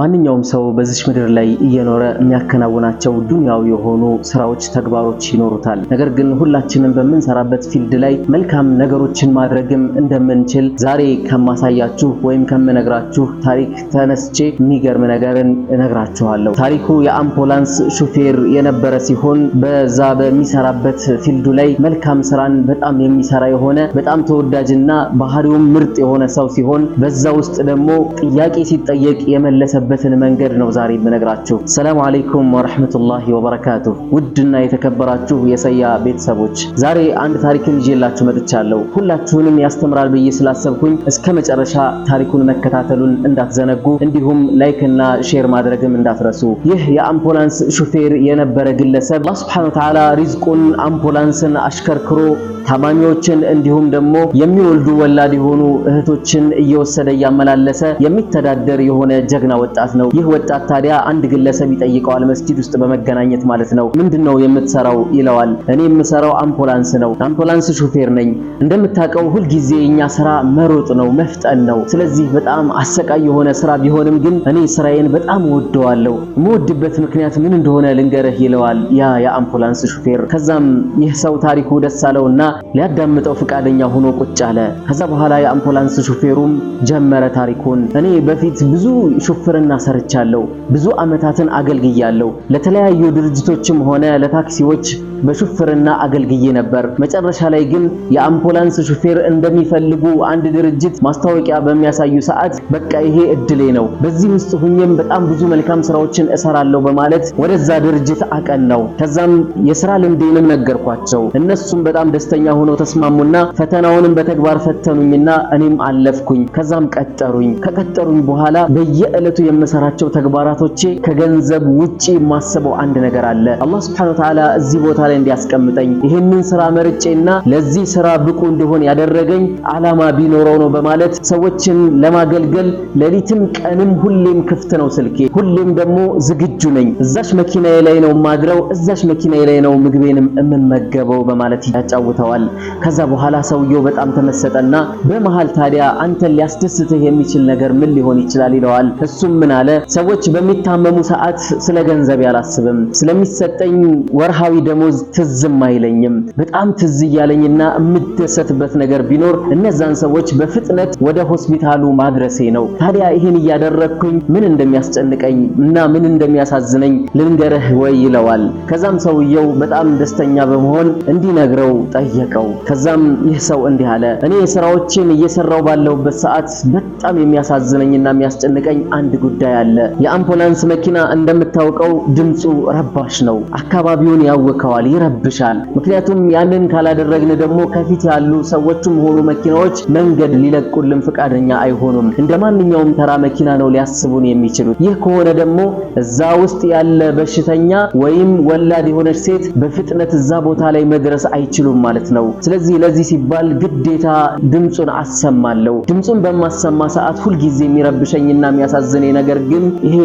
ማንኛውም ሰው በዚች ምድር ላይ እየኖረ የሚያከናውናቸው ዱንያዊ የሆኑ ስራዎች፣ ተግባሮች ይኖሩታል። ነገር ግን ሁላችንም በምንሰራበት ፊልድ ላይ መልካም ነገሮችን ማድረግም እንደምንችል ዛሬ ከማሳያችሁ ወይም ከምነግራችሁ ታሪክ ተነስቼ የሚገርም ነገርን እነግራችኋለሁ። ታሪኩ የአምቡላንስ ሹፌር የነበረ ሲሆን በዛ በሚሰራበት ፊልዱ ላይ መልካም ስራን በጣም የሚሰራ የሆነ በጣም ተወዳጅና ባህሪውም ምርጥ የሆነ ሰው ሲሆን በዛ ውስጥ ደግሞ ጥያቄ ሲጠየቅ የመለሰ የምንማርበትን መንገድ ነው ዛሬ የምነግራችሁ። ሰላም አለይኩም ወራህመቱላሂ ወበረካቱሁ። ውድና የተከበራችሁ የሰያ ቤተሰቦች ዛሬ አንድ ታሪክን ይዤላችሁ መጥቻለሁ። ሁላችሁንም ያስተምራል ብዬ ስላሰብኩኝ እስከ መጨረሻ ታሪኩን መከታተሉን እንዳትዘነጉ፣ እንዲሁም ላይክና ሼር ማድረግም እንዳትረሱ። ይህ የአምቡላንስ ሹፌር የነበረ ግለሰብ አላህ ሱብሓነሁ ወተዓላ ሪዝቁን አምቡላንስን አሽከርክሮ ታማሚዎችን እንዲሁም ደግሞ የሚወልዱ ወላድ የሆኑ እህቶችን እየወሰደ እያመላለሰ የሚተዳደር የሆነ ጀግና ወጣት ነው። ይህ ወጣት ታዲያ አንድ ግለሰብ ይጠይቀዋል፣ መስጂድ ውስጥ በመገናኘት ማለት ነው። ምንድነው የምትሰራው ይለዋል። እኔ የምሰራው አምፖላንስ ነው፣ አምፖላንስ ሹፌር ነኝ። እንደምታውቀው ሁልጊዜ የኛ ስራ መሮጥ ነው፣ መፍጠን ነው። ስለዚህ በጣም አሰቃይ የሆነ ስራ ቢሆንም ግን እኔ ስራዬን በጣም ወደዋለሁ። የምወድበት ምክንያት ምን እንደሆነ ልንገርህ ይለዋል ያ የአምፖላንስ ሹፌር። ከዛም ይህ ሰው ታሪኩ ደስ አለውና ሊያዳምጠው ፈቃደኛ ሆኖ ቁጭ አለ። ከዛ በኋላ የአምቡላንስ ሹፌሩም ጀመረ ታሪኩን። እኔ በፊት ብዙ ሹፍርና ሰርቻለሁ፣ ብዙ ዓመታትን አገልግያለሁ። ለተለያዩ ድርጅቶችም ሆነ ለታክሲዎች በሹፍርና አገልግዬ ነበር። መጨረሻ ላይ ግን የአምቡላንስ ሹፌር እንደሚፈልጉ አንድ ድርጅት ማስታወቂያ በሚያሳዩ ሰዓት በቃ ይሄ እድሌ ነው፣ በዚህ ውስጥ ሁኜም በጣም ብዙ መልካም ስራዎችን እሰራለሁ በማለት ወደዛ ድርጅት አቀን ነው። ከዛም የስራ ልምዴንም ነገርኳቸው። እነሱም በጣም ደስተኛ ፈቃደኛ ሆነው ተስማሙና ፈተናውንም በተግባር ፈተኑኝና እኔም አለፍኩኝ። ከዛም ቀጠሩኝ። ከቀጠሩኝ በኋላ በየዕለቱ የምሰራቸው ተግባራቶቼ ከገንዘብ ውጪ የማስበው አንድ ነገር አለ። አላህ Subhanahu Ta'ala እዚህ ቦታ ላይ እንዲያስቀምጠኝ ይህንን ስራ መርጬና ለዚህ ስራ ብቁ እንደሆን ያደረገኝ አላማ ቢኖረው ነው በማለት ሰዎችን ለማገልገል ሌሊትም ቀንም ሁሌም ክፍት ነው ስልኬ። ሁሌም ደግሞ ዝግጁ ነኝ። እዛች መኪናዬ ላይ ነው ማድረው፣ እዛች መኪናዬ ላይ ነው ምግቤንም እምመገበው በማለት ያጫውተዋል። ይለዋል። ከዛ በኋላ ሰውየው በጣም ተመሰጠና በመሃል ታዲያ አንተን ሊያስደስትህ የሚችል ነገር ምን ሊሆን ይችላል ይለዋል። እሱም ምን አለ ሰዎች በሚታመሙ ሰዓት ስለ ገንዘብ ያላስብም፣ ስለሚሰጠኝ ወርሃዊ ደሞዝ ትዝም አይለኝም። በጣም ትዝ እያለኝና የምደሰትበት ነገር ቢኖር እነዛን ሰዎች በፍጥነት ወደ ሆስፒታሉ ማድረሴ ነው። ታዲያ ይህን እያደረግኩኝ ምን እንደሚያስጨንቀኝ እና ምን እንደሚያሳዝነኝ ልንገርህ ወይ ይለዋል። ከዛም ሰውየው በጣም ደስተኛ በመሆን እንዲነግረው ጠየቀ። አስጨነቀው። ከዛም ይህ ሰው እንዲህ አለ፣ እኔ ስራዎችን እየሰራው ባለውበት ሰዓት በጣም የሚያሳዝነኝና የሚያስጨንቀኝ አንድ ጉዳይ አለ። የአምቡላንስ መኪና እንደምታውቀው ድምፁ ረባሽ ነው። አካባቢውን ያውከዋል፣ ይረብሻል። ምክንያቱም ያንን ካላደረግን ደግሞ ከፊት ያሉ ሰዎችም ሆኑ መኪናዎች መንገድ ሊለቁልን ፈቃደኛ አይሆኑም። እንደ ማንኛውም ተራ መኪና ነው ሊያስቡን የሚችሉት። ይህ ከሆነ ደግሞ እዛ ውስጥ ያለ በሽተኛ ወይም ወላድ የሆነች ሴት በፍጥነት እዛ ቦታ ላይ መድረስ አይችሉም ማለት ነው። ነው። ስለዚህ ለዚህ ሲባል ግዴታ ድምፁን አሰማለሁ። ድምፁን በማሰማ ሰዓት ሁልጊዜ የሚረብሸኝና የሚያሳዝነኝ ነገር ግን ይሄ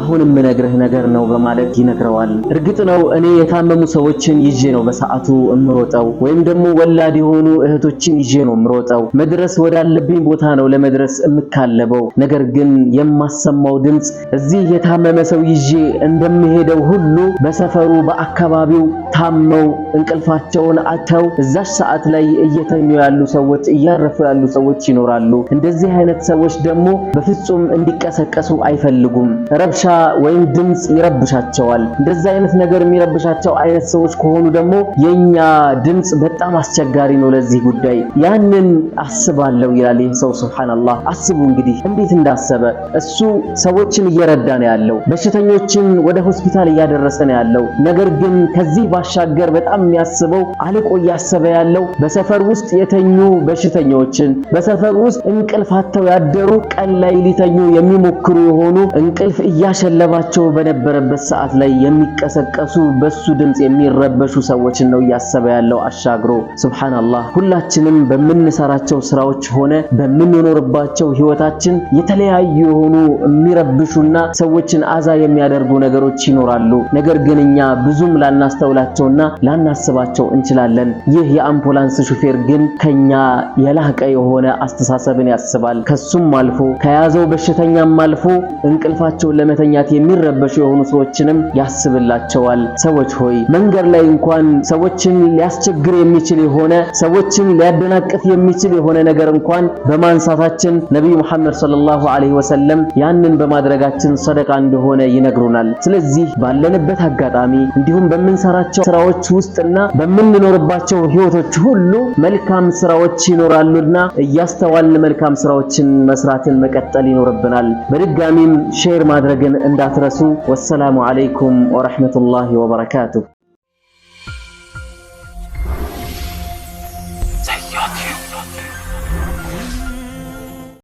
አሁን የምነግርህ ነገር ነው በማለት ይነግረዋል። እርግጥ ነው እኔ የታመሙ ሰዎችን ይዤ ነው በሰዓቱ እምሮጠው፣ ወይም ደግሞ ወላድ የሆኑ እህቶችን ይዤ ነው እምሮጠው። መድረስ ወዳለብኝ ቦታ ነው ለመድረስ እምካለበው። ነገር ግን የማሰማው ድምፅ እዚህ የታመመ ሰው ይዤ እንደምሄደው ሁሉ በሰፈሩ በአካባቢው ታመው እንቅልፋቸውን አጥተው በዛች ሰዓት ላይ እየተኙ ያሉ ሰዎች፣ እያረፉ ያሉ ሰዎች ይኖራሉ። እንደዚህ አይነት ሰዎች ደግሞ በፍጹም እንዲቀሰቀሱ አይፈልጉም። ረብሻ ወይም ድምፅ ይረብሻቸዋል። እንደዚህ አይነት ነገር የሚረብሻቸው አይነት ሰዎች ከሆኑ ደግሞ የኛ ድምፅ በጣም አስቸጋሪ ነው ለዚህ ጉዳይ። ያንን አስባለሁ ይላል ይህ ሰው ሱብሃንአላህ። አስቡ እንግዲህ እንዴት እንዳሰበ እሱ ሰዎችን እየረዳ ነው ያለው፣ በሽተኞችን ወደ ሆስፒታል እያደረሰ ነው ያለው። ነገር ግን ከዚህ ባሻገር በጣም የሚያስበው አልቆ እያሰበ እየተሰበሰበ ያለው በሰፈር ውስጥ የተኙ በሽተኛዎችን፣ በሰፈር ውስጥ እንቅልፍ አጥተው ያደሩ ቀን ላይ ሊተኙ የሚሞክሩ የሆኑ እንቅልፍ እያሸለባቸው በነበረበት ሰዓት ላይ የሚቀሰቀሱ በሱ ድምፅ የሚረበሹ ሰዎችን ነው እያሰበ ያለው አሻግሮ። ሱብሃንአላህ ሁላችንም በምንሰራቸው ስራዎች ሆነ በምንኖርባቸው ህይወታችን የተለያዩ የሆኑ የሚረብሹና ሰዎችን አዛ የሚያደርጉ ነገሮች ይኖራሉ። ነገር ግን እኛ ብዙም ላናስተውላቸውና ላናስባቸው እንችላለን። ይህ ይህ የአምቡላንስ ሹፌር ግን ከኛ የላቀ የሆነ አስተሳሰብን ያስባል። ከሱም አልፎ ከያዘው በሽተኛም አልፎ እንቅልፋቸውን ለመተኛት የሚረበሹ የሆኑ ሰዎችንም ያስብላቸዋል። ሰዎች ሆይ መንገድ ላይ እንኳን ሰዎችን ሊያስቸግር የሚችል የሆነ ሰዎችን ሊያደናቅፍ የሚችል የሆነ ነገር እንኳን በማንሳታችን ነቢዩ መሐመድ ሰለላሁ ዐለይሂ ወሰለም ያንን በማድረጋችን ሰደቃ እንደሆነ ይነግሩናል። ስለዚህ ባለንበት አጋጣሚ እንዲሁም በምንሰራቸው ስራዎች ውስጥና በምንኖርባቸው ህይወቶች ሁሉ መልካም ስራዎች ይኖራሉና እያስተዋልን መልካም ስራዎችን መስራትን መቀጠል ይኖርብናል። በድጋሚም ሼር ማድረግን እንዳትረሱ። ወሰላሙ አለይኩም ወራህመቱላሂ ወበረካቱሁ።